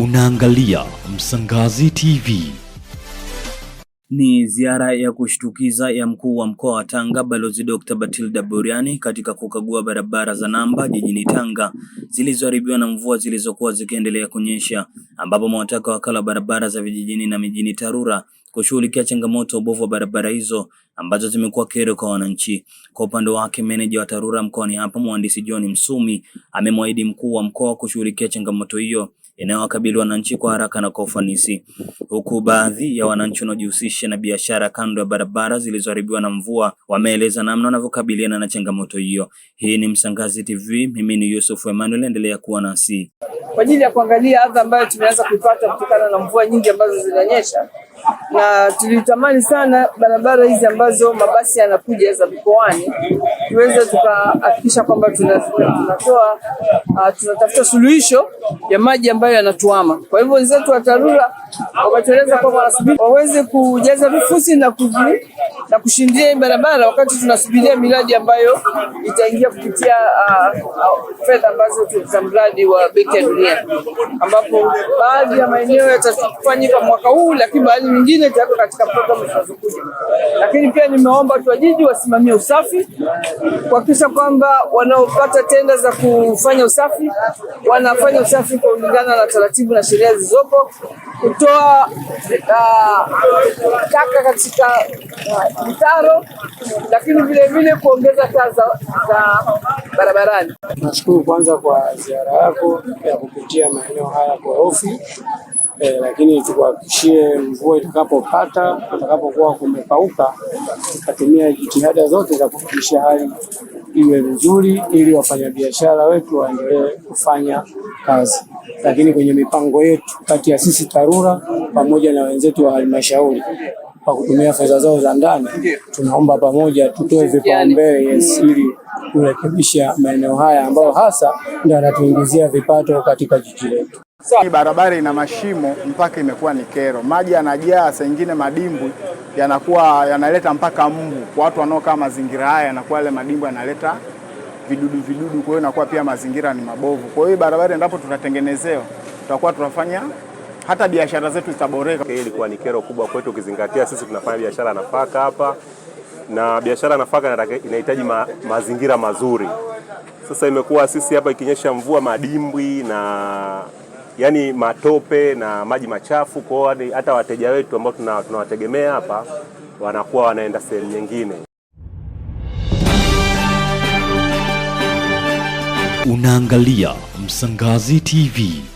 Unaangalia Msangazi TV. Ni ziara ya kushtukiza ya mkuu wa mkoa wa Tanga Balozi Dr. Batilda Buriani katika kukagua barabara za namba jijini Tanga zilizoharibiwa na mvua zilizokuwa zikiendelea kunyesha, ambapo mwataka wakala wa barabara za vijijini na mijini TARURA kushughulikia changamoto ubovu wa barabara hizo ambazo zimekuwa kero kwa wananchi. Kwa upande wake, meneja wa TARURA mkoani hapa mhandisi John Msumi amemwahidi mkuu wa mkoa kushughulikia changamoto hiyo inayowakabili wananchi kwa haraka na kwa ufanisi, huku baadhi ya wananchi wanaojihusisha na biashara kando ya barabara zilizoharibiwa na mvua wameeleza namna wanavyokabiliana na changamoto hiyo. Hii ni Msangazi TV, mimi ni Yusuf Emmanuel, endelea kuwa nasi kwa ajili ya kuangalia adha ambayo tumeanza kuipata kutokana na mvua nyingi ambazo zinanyesha na tulitamani sana barabara hizi ambazo mabasi yanakuja za mikoani tuweze tukahakikisha kwamba tunatoa ah, tunatafuta suluhisho ya maji ambayo yanatuama. Kwa hivyo wenzetu wa TARURA wametueleza kwamba waweze kujaza vifusi na, kuji, na kushindia barabara wakati tunasubiria miradi ambayo itaingia kupitia uh, uh, fedha ambazo za mradi wa Benki ya Dunia, ambapo baadhi ya maeneo yatafanyika mwaka huu, lakini baadhi mingine itawekwa katika programu zinazokuja. Lakini pia nimeomba watu wa jiji wasimamie usafi, kuhakikisha kwamba wanaopata tenda za kufanya usafi wanafanya usafi kwa kulingana na taratibu na sheria zilizopo kutoa uh, taka katika uh, mitaro, lakini vilevile kuongeza taa za barabarani. Nashukuru kwanza kwa ziara yako ya kupitia maeneo haya kwa hofi eh, lakini tukuhakikishie mvua itakapopata, atakapokuwa kumepauka, tutatumia jitihada zote za kufikisha hali iwe vizuri ili wafanyabiashara wetu waendelee kufanya kazi. Lakini kwenye mipango yetu kati ya sisi TARURA pamoja na wenzetu wa halmashauri kwa kutumia fedha zao za ndani, tunaomba pamoja tutoe vipaumbele ili kurekebisha maeneo haya ambayo hasa ndio yanatuingizia vipato katika jiji letu. Barabara ina mashimo mpaka imekuwa ni kero, maji yanajaa, saa nyingine madimbwi yanakuwa yanaleta mpaka mbu kwa watu wanaokaa mazingira haya, yanakuwa yale madimbo yanaleta vidudu vidudu, kwa hiyo inakuwa pia mazingira ni mabovu. Kwa hiyo barabara endapo tutatengenezewa, tutakuwa tunafanya hata biashara zetu zitaboreka. Hii ilikuwa ni kero kubwa kwetu, ukizingatia sisi tunafanya biashara ya nafaka hapa, na biashara ya nafaka inahitaji ma, mazingira mazuri. Sasa imekuwa sisi hapa ikinyesha mvua, madimbwi na yani matope na maji machafu. Kwa hiyo hata wateja wetu ambao tunawategemea hapa wanakuwa wanaenda sehemu nyingine. Unaangalia Msangazi TV.